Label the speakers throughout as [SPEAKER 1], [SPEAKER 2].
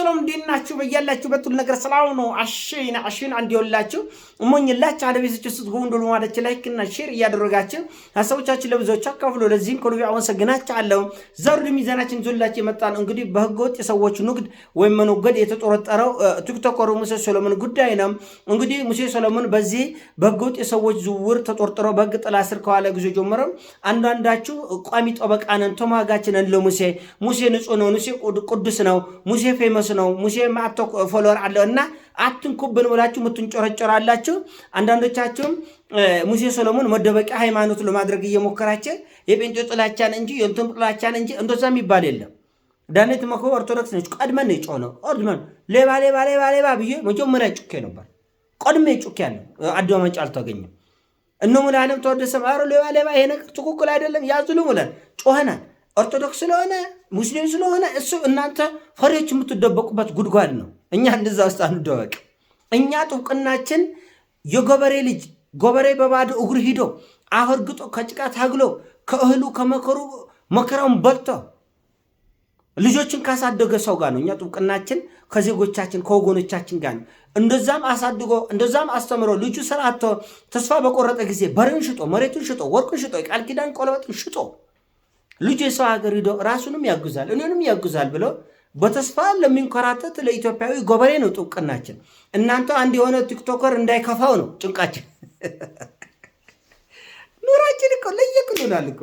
[SPEAKER 1] ሰላም እንዲናችሁ በእያላችሁበት ሁሉ ነገር ሰላም ነው። አሽና አሽን አንድ ይወላችሁ እሞኝላችሁ አደቤቶች ውስጥ ጎንዶ ለማደች ላይክ እና ሼር እያደረጋችሁ ሀሳቦቻችን ለብዙዎች አካፍሎ ለዚህም ከልቤ አመሰግናችኋለሁ። ዘውዱ ሚዛናችን ዞላችሁ የመጣን እንግዲህ በህገወጥ የሰዎች ንግድ ወይም መነገድ የተጠረጠረው ቲክቶከሩ ሙሴ ሰሎሞን ጉዳይ ነው። እንግዲህ ሙሴ ሰሎሞን በዚህ በህገወጥ የሰዎች ዝውውር ተጠርጥረው በህግ ጥላ ስር ከዋለ ጊዜ ጀምሮ አንዳንዳችሁ ቋሚ ጠበቃ ነን፣ ተሟጋች ነን ለሙሴ ሙሴ ንጹህ ነው፣ ሙሴ ቅዱስ ነው፣ ሙሴ ፌመስ ነው። ሙሴ ማቶ ፎሎወር አለው እና አትንኩብን ብላችሁ ምትንጮረጮራላችሁ። አንዳንዶቻችሁም ሙሴ ሰሎሞን መደበቂያ ሃይማኖት ለማድረግ እየሞከራቸ የጴንጤ ጥላቻን እንጂ የንቱን ጥላቻን እንጂ እንደዛ የሚባል የለም። ዳኔት መኮ ኦርቶዶክስ ነች። ቀድመን ነው የጮኸው። ቀድመን ሌባ ሌባ ሌባ ሌባ ብዬ መጀመሪያ ጩኬ ነበር። ቀድሜ ጩኬ ያለው አዳማጭ አልተገኘም። እነ ሙሉዓለም ተወደሰ ማሮ ሌባ ሌባ፣ ይሄ ነገር ትክክል አይደለም ያዝሉ ብለን ጮኸናል። ኦርቶዶክስ ስለሆነ ሙስሊም ስለሆነ እሱ እናንተ ፈሪዎች የምትደበቁበት ጉድጓድ ነው። እኛ እንደዛ ውስጥ አንደበቅ። እኛ ጥብቅናችን የገበሬ ልጅ ገበሬ በባዶ እግሩ ሂዶ አፈርግጦ ከጭቃ ታግሎ ከእህሉ ከመከሩ መከራውን በልቶ ልጆችን ካሳደገ ሰው ጋር ነው። እኛ ጥብቅናችን ከዜጎቻችን ከወገኖቻችን ጋር ነው። እንደዛም አሳድጎ እንደዛም አስተምሮ ልጁ ስራ አጥቶ ተስፋ በቆረጠ ጊዜ በሬን ሽጦ መሬቱን ሽጦ ወርቁን ሽጦ የቃል ኪዳን ቆለበጥን ሽጦ ልጁ የሰው ሀገር ሂዶ ራሱንም ያግዛል እኔንም ያግዛል ብሎ በተስፋ ለሚንኮራተት ለኢትዮጵያዊ ገበሬ ነው ጥብቅናችን። እናንተ አንድ የሆነ ቲክቶከር እንዳይከፋው ነው ጭንቃችን። ኑራችን እኮ ለየቅሉናል እኮ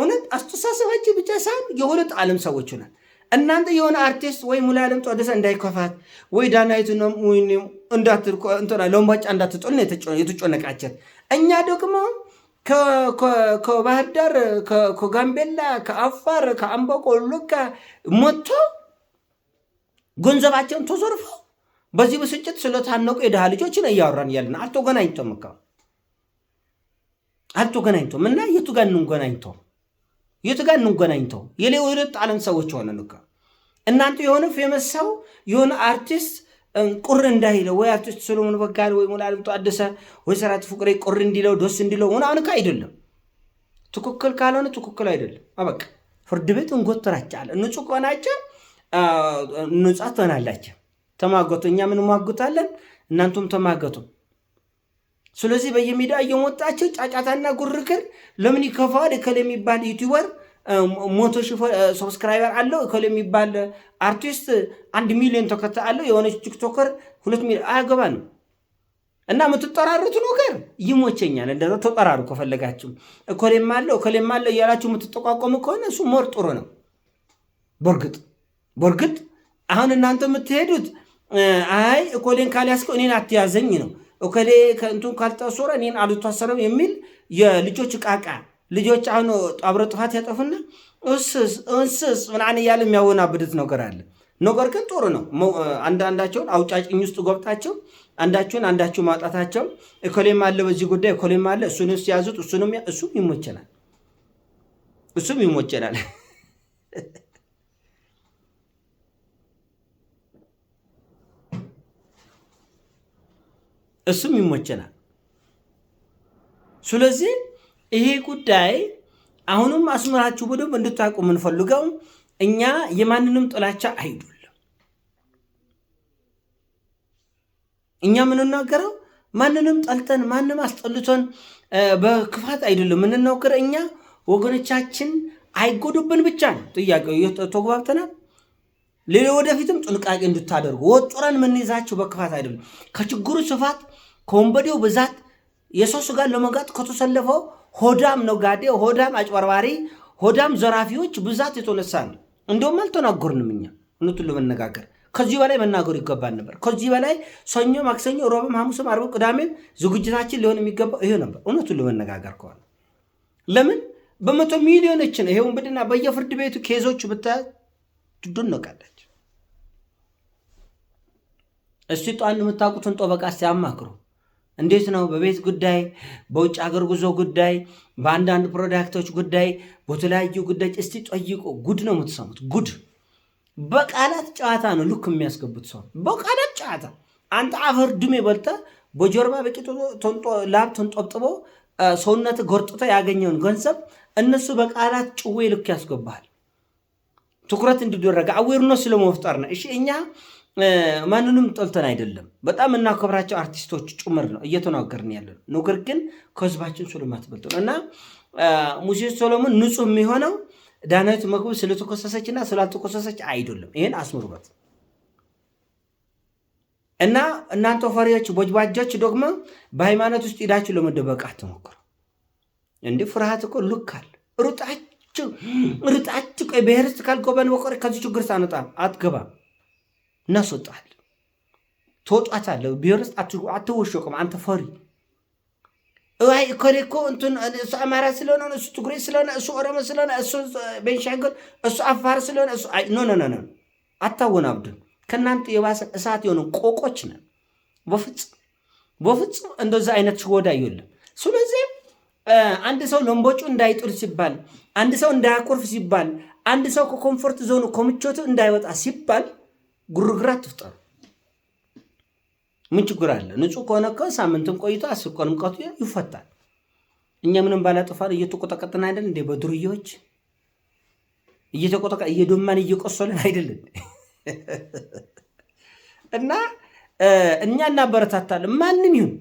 [SPEAKER 1] እውነት አስተሳሰባችን ብቻ ሳይሆን የሁለት ዓለም ሰዎች ሆናል። እናንተ የሆነ አርቲስት ወይ ሙሉዓለም ጦደሰ እንዳይከፋት ወይ ዳናይቱ እንዳትልኮ እንትና ለምባጫ እንዳትጦል ነው የተጨነቃችን። እኛ ደግሞ ከባህር ዳር፣ ከጋምቤላ፣ ከአፋር፣ ከአምበቆሎ መጥቶ ገንዘባቸውን ተዘርፎ በዚህ ብስጭት ስለታነቁ የድሃ ልጆችን እያወራን ያለን አልተገናኝቶም እኮ አልተገናኝቶም። እና የቱ ጋር እንገናኝተው? የቱ ጋር እንገናኝተው? የሁለት ዓለም ሰዎች ሆነን እኮ እናንተ የሆነ ፌመስ ሰው የሆነ አርቲስት ቁር እንዳይለው ወይ አርቲስት ሰሎሞን በጋለ ወይ ሙሉዓለም ታደሰ ወይ ሰራዊት ፍቅሬ ቁር እንዲለው ደስ እንዲለው ምናምን እኮ አይደለም። ትክክል ካልሆነ ትክክል አይደለም። አበቃ ፍርድ ቤት እንጎትራቸዋለን። ንጹህ ከሆናችሁ ንጹህ ትሆናላችሁ። ተማገቱ፣ እኛም እንማግታለን፣ እናንቱም ተማገቱ። ስለዚህ በየሜዳ እየሞጣቸው ጫጫታና ጉርክር ለምን ይከፋዋል? እከሌ የሚባል ዩቲዩበር ሞቶ ሰብስክራይበር አለው እኮል የሚባል አርቲስት አንድ ሚሊዮን ተከታይ አለው። የሆነች ቲክቶከር ሁለት ሚሊዮን ነው እና የምትጠራሩት ነገር ይሞቸኛል። እንደዛ ተጠራሩ ከፈለጋችሁ። እኮሌም አለው እኮሌም አለው እያላችሁ የምትጠቋቋሙ ከሆነ እሱ ሞር ጥሩ ነው። በርግጥ በርግጥ አሁን እናንተ የምትሄዱት አይ እኮሌን ካልያዝከው እኔን አትያዘኝ ነው እኮሌ ከእንቱን ካልታሰረ እኔን አልታሰረም የሚል የልጆች ቃቃ። ልጆች አሁን አብረው ጥፋት ያጠፉና እስስ እንስስ ምናምን እያለ የሚያወናብድት ነገር አለ። ነገር ግን ጥሩ ነው። አንዳንዳቸውን አውጫጭኝ ውስጥ ጎብታቸው አንዳችሁን አንዳችሁ ማውጣታቸው እኮሌም አለ በዚህ ጉዳይ እኮሌም አለ እሱን ውስጥ ያዙት። እሱንም እሱም ይሞቸናል፣ እሱም ይሞቸናል። እሱም ይሞቸናል። ስለዚህ ይሄ ጉዳይ አሁንም አስምራችሁ በደንብ እንድታውቁ የምንፈልገው እኛ የማንንም ጥላቻ አይዱል እኛ የምንናገረው ማንንም ጠልተን ማንም አስጠልቶን በክፋት አይደለም የምንናገር። እኛ ወገኖቻችን አይጎዱብን ብቻ ነው ጥያቄው። ተግባብተናል። ሌላ ወደፊትም ጥንቃቄ እንድታደርጉ ወጡረን የምንይዛቸው በክፋት አይደለም። ከችግሩ ስፋት ከወንበዴው ብዛት የሰው ስጋ ለመጋጥ ከተሰለፈው ሆዳም ነጋዴ፣ ሆዳም አጭበርባሪ፣ ሆዳም ዘራፊዎች ብዛት የተነሳ ነው። እንደውም አልተናገርንም እኛ እውነቱን ለመነጋገር ከዚህ በላይ መናገሩ ይገባል ነበር። ከዚህ በላይ ሰኞ፣ ማክሰኞ፣ ሮብም፣ ሐሙስም፣ አርብ፣ ቅዳሜም ዝግጅታችን ሊሆን የሚገባው ይሄ ነበር። እውነቱን ለመነጋገር ከሆነ ለምን በመቶ ሚሊዮኖች ነው ይሄ ውንብድና በየፍርድ ቤቱ ኬዞቹ ብታ ትደነቃለች። እስቲ ጧን የምታውቁትን ጠበቃ ሲያማክሩ እንዴት ነው? በቤት ጉዳይ፣ በውጭ ሀገር ጉዞ ጉዳይ፣ በአንዳንድ ፕሮዳክቶች ጉዳይ፣ በተለያዩ ጉዳዮች እስቲ ጠይቆ ጉድ ነው የምትሰሙት። ጉድ በቃላት ጨዋታ ነው ልክ የሚያስገቡት ሰው በቃላት ጨዋታ። አንተ አፈር ድሜ በልተ በጀርባ በቂ ላብ ተንጠብጥቦ ሰውነት ጎርጥቶ ያገኘውን ገንዘብ እነሱ በቃላት ጭዌ ልክ ያስገባሃል። ትኩረት እንዲደረገ አዌርነስ ስለመፍጠር ነው። እሺ እኛ ማንንም ጠልተን አይደለም። በጣም እናከብራቸው አርቲስቶች ጭምር ነው እየተናገርን ያለ ነው። ነገር ግን ከህዝባችን ስለማትበልጡ ነው እና ሙሴ ሶሎሞን ንጹህ የሚሆነው ዳናዊት መክብብ ስለተኮሰሰች እና ስላልተኮሰሰች አይደለም። ይህን አስምሩበት እና እናንተ ፈሪዎች፣ ቦጅባጆች ደግሞ በሃይማኖት ውስጥ ሂዳችሁ ለመደበቅ አትሞክሩ። እንዲህ ፍርሃት እኮ ልካል ሩጣችሁ ሩጣችሁ ብሔርስ ካልጎበን በቆር ከዚህ ችግር ሳነጣ አትገባም እናስወጣሃል። ትወጧታለህ። ብሄር ውስጥ አትወሸቁም። አንተ ፈሪ እዋይ እኮሌኮ እኮ እሱ ኣማራ ስለሆነ እሱ ትግሬ ስለሆነ እሱ ኦሮሞ ስለሆነ እሱ ቤንሻንጉል እሱ ኣፋር ስለሆነ እሱ ኖ ኖ ኖ አታወናብድን። ከእናንተ የባሰ እሳት የሆነ ቆቆች ነን። በፍጹም በፍጹም እንደዛ አይነት ሽወዳ የለም። ስለዚ አንድ ሰው ለምቦጩ እንዳይጥል ሲባል፣ አንድ ሰው እንዳያኮርፍ ሲባል፣ አንድ ሰው ከኮምፎርት ዞኑ ከምቾቱ እንዳይወጣ ሲባል ጉርግራ ትፍጠሩ። ምን ችግር አለ? ንጹህ ከሆነ እኮ ሳምንትም ቆይቶ አስር ቀንም ቀቱ ይፈታል። እኛ ምንም ባላጠፋን እየተቆጠቀጥን አይደል እንዴ? በዱርዬዎች እየተቆጠቀ እየዶማን እየቆሰልን አይደለን? እና እኛ እናበረታታለን። ማንም ይሁን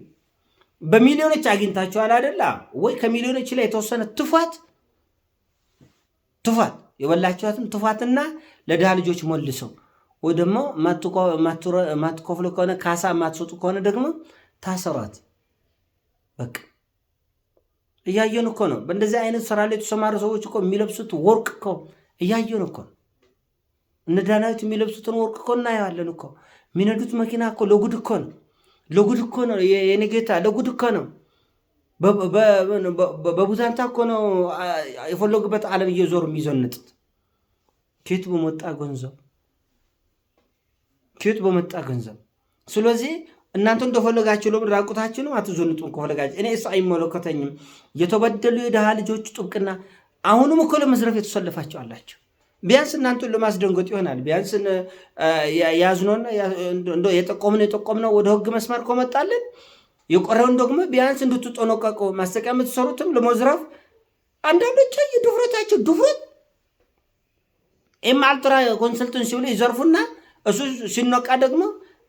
[SPEAKER 1] በሚሊዮኖች አግኝታችኋል አይደላ ወይ? ከሚሊዮኖች ላይ የተወሰነ ትፋት ትፋት የበላችኋትን ትፋትና ለድሃ ልጆች መልሰው ወይ ደግሞ ማትከፍሉ ከሆነ ካሳ ማትሰጡ ከሆነ ደግሞ ታሰሯት። በቃ እያየን እኮ ነው። በእንደዚህ አይነት ስራ ላይ የተሰማሩ ሰዎች እኮ የሚለብሱት ወርቅ እኮ እያየን እኮ ነው። እነ ዳናዊት የሚለብሱትን ወርቅ እኮ እናየዋለን እኮ። የሚነዱት መኪና እኮ ለጉድ እኮ ነው። ለጉድ እኮ ነው። ጌታ ለጉድ እኮ ነው። በቡዛንታ እኮ ነው የፈለጉበት ዓለም እየዞሩ የሚዘንጡት ኬት በሞጣ ጎንዘብ ኪዩት በመጣ ገንዘብ። ስለዚህ እናንተ እንደፈለጋችሁ ለምን ራቁታችሁንም አትዘንጡም? ከፈለጋችሁ እኔ እሱ አይመለከተኝም። የተበደሉ የድሃ ልጆች ጥብቅና አሁንም እኮ ለመዝረፍ የተሰለፋችሁ አላቸው። ቢያንስ እናንተን ለማስደንገጥ ይሆናል። ቢያንስ ያዝኖና የጠቆምነው የጠቆምነው ወደ ህግ መስመር ከመጣልን የቆረውን ደግሞ ቢያንስ እንድትጠነቀቁ ማስጠቂያ የምትሰሩትም ለመዝረፍ አንዳንዶች ድፍረታቸው ድፍረት ኤም አልትራ ኮንሰልተንሲ ብሎ ይዘርፉና እሱ ሲነቃ ደግሞ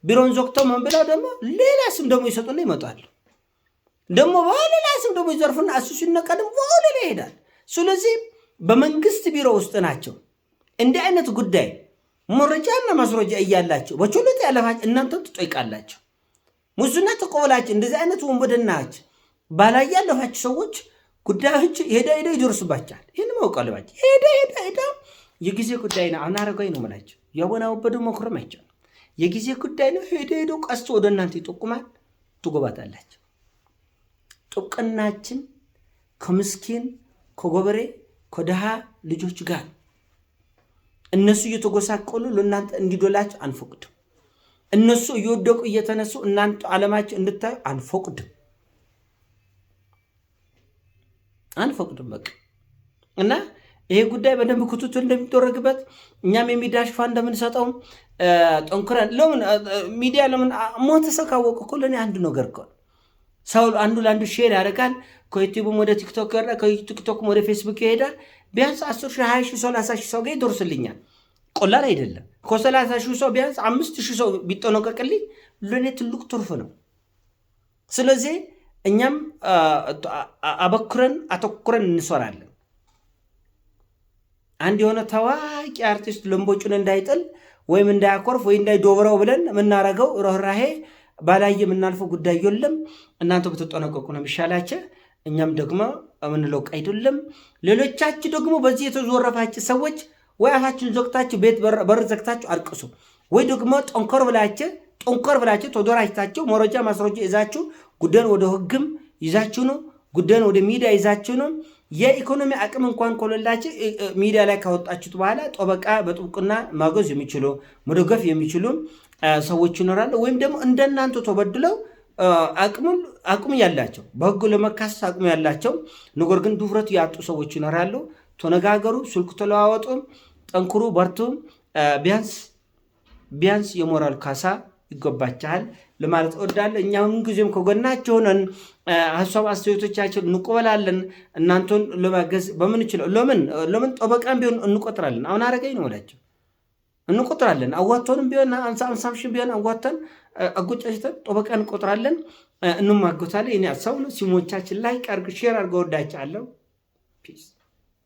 [SPEAKER 1] ቢሮን ዘግተው ምን ብለው ደግሞ ሌላ ስም ደግሞ ይሰጡና ይመጣሉ። ደግሞ በሌላ ስም ደግሞ ይዘርፉና እሱ ሲነቃ ደግሞ በሌላ ይሄዳል። ስለዚህ በመንግስት ቢሮ ውስጥ ናቸው እንዲህ አይነት ጉዳይ መረጃና ማስረጃ እያላቸው በችሎት ያለፋችሁ እናንተ ትጠይቃላችሁ። ሙስና ተቆበላቸው። እንደዚህ አይነት ወንበድናች ባላይ ያለፋችሁ ሰዎች ጉዳዮች ሄደ ሄደ ይደርስባችኋል። ይህን ማወቅ ሄደ ሄደ ሄዳ የጊዜ ጉዳይ ነው። አሁን ነው ምላቸው። የሆነ ወበዱ መኩረም አይቻልም። የጊዜ ጉዳይ ነው። ሄደ ሄዶ ቀስቶ ወደ እናንተ ይጠቁማል። ትጎባታላችሁ። ጥቅናችን ከምስኪን ከጎበሬ ከድሃ ልጆች ጋር እነሱ እየተጎሳቀሉ ለእናንተ እንዲዶላችሁ አንፈቅድም። እነሱ እየወደቁ እየተነሱ እናንተ ዓለማቸው እንድታዩ አንፈቅድም አንፈቅድም በቃ እና ይሄ ጉዳይ በደንብ ክትትል እንደሚደረግበት እኛም የሚዲያ ሽፋን እንደምንሰጠው ጠንኩረን ለምን ሚዲያ ለምን ሞተ ሰው ካወቀ እኮ ለእኔ አንዱ ነገር ከሆነ ሰው አንዱ ለአንዱ ሼር ያደርጋል። ከዩቲዩብም ወደ ቲክቶክ ይወርዳል። ከቲክቶክም ወደ ፌስቡክ ይሄዳል። ቢያንስ አስር ሺህ ሀያ ሺህ ሰው ሰላሳ ሺህ ሰው ጋር ይደርስልኛል። ቆላል አይደለም። ከሰላሳ ሺህ ሰው ቢያንስ አምስት ሺህ ሰው ቢጠነቀቅልኝ ለእኔ ትልቅ ትርፍ ነው። ስለዚህ እኛም አበክረን አተኩረን እንሰራለን። አንድ የሆነ ታዋቂ አርቲስት ለምቦጩን እንዳይጥል ወይም እንዳያኮርፍ ወይ እንዳይዶብረው ብለን የምናረገው ርኅራሄ ባላይ የምናልፈው ጉዳይ የለም። እናንተ ብትጠነቀቁ ነው የሚሻላቸው። እኛም ደግሞ የምንለው አይደለም። ሌሎቻችሁ ደግሞ በዚህ የተዞረፋችሁ ሰዎች ወይ አፋችን ዘግታችሁ ቤት በር ዘግታችሁ አልቅሱ፣ ወይ ደግሞ ጠንኮር ብላችሁ ጠንኮር ብላችሁ ተደራጅታችሁ መረጃ ማስረጃ ይዛችሁ ጉዳዩን ወደ ህግም ይዛችሁ ነው ጉዳዩን ወደ ሚዲያ ይዛችሁ ነው የኢኮኖሚ አቅም እንኳን ከሌላችሁ ሚዲያ ላይ ካወጣችሁት በኋላ ጠበቃ በጥብቅና ማገዝ የሚችሉ መደገፍ የሚችሉ ሰዎች ይኖራሉ። ወይም ደግሞ እንደናንተ ተበድለው አቅም ያላቸው በህግ ለመካሰስ አቅም ያላቸው ነገር ግን ድፍረት ያጡ ሰዎች ይኖራሉ። ተነጋገሩ፣ ስልክ ተለዋወጡ፣ ጠንክሩ፣ በርቱ። ቢያንስ ቢያንስ የሞራል ካሳ ይገባችኋል። ለማለት እወዳለሁ። እኛ ምንጊዜም ከጎናቸው ሆነን ሀሳብ አስተያየቶቻቸው እንቆበላለን። እናንተን ለማገዝ በምንችለው ለምን ለምን ጠበቃም ቢሆን እንቆጥራለን። አሁን አረገኝ ነው ወዳቸው እንቆጥራለን። አዋቶንም ቢሆን አምሳ አምሳምሽን ቢሆን አዋተን አጎጫሽተን ጠበቃ እንቆጥራለን፣ እንማጎታለን። እኔ ሀሳብ ነው። ሲሞቻችን ላይ ቀርግ ሼር አድርገ ወዳች አለው ፒስ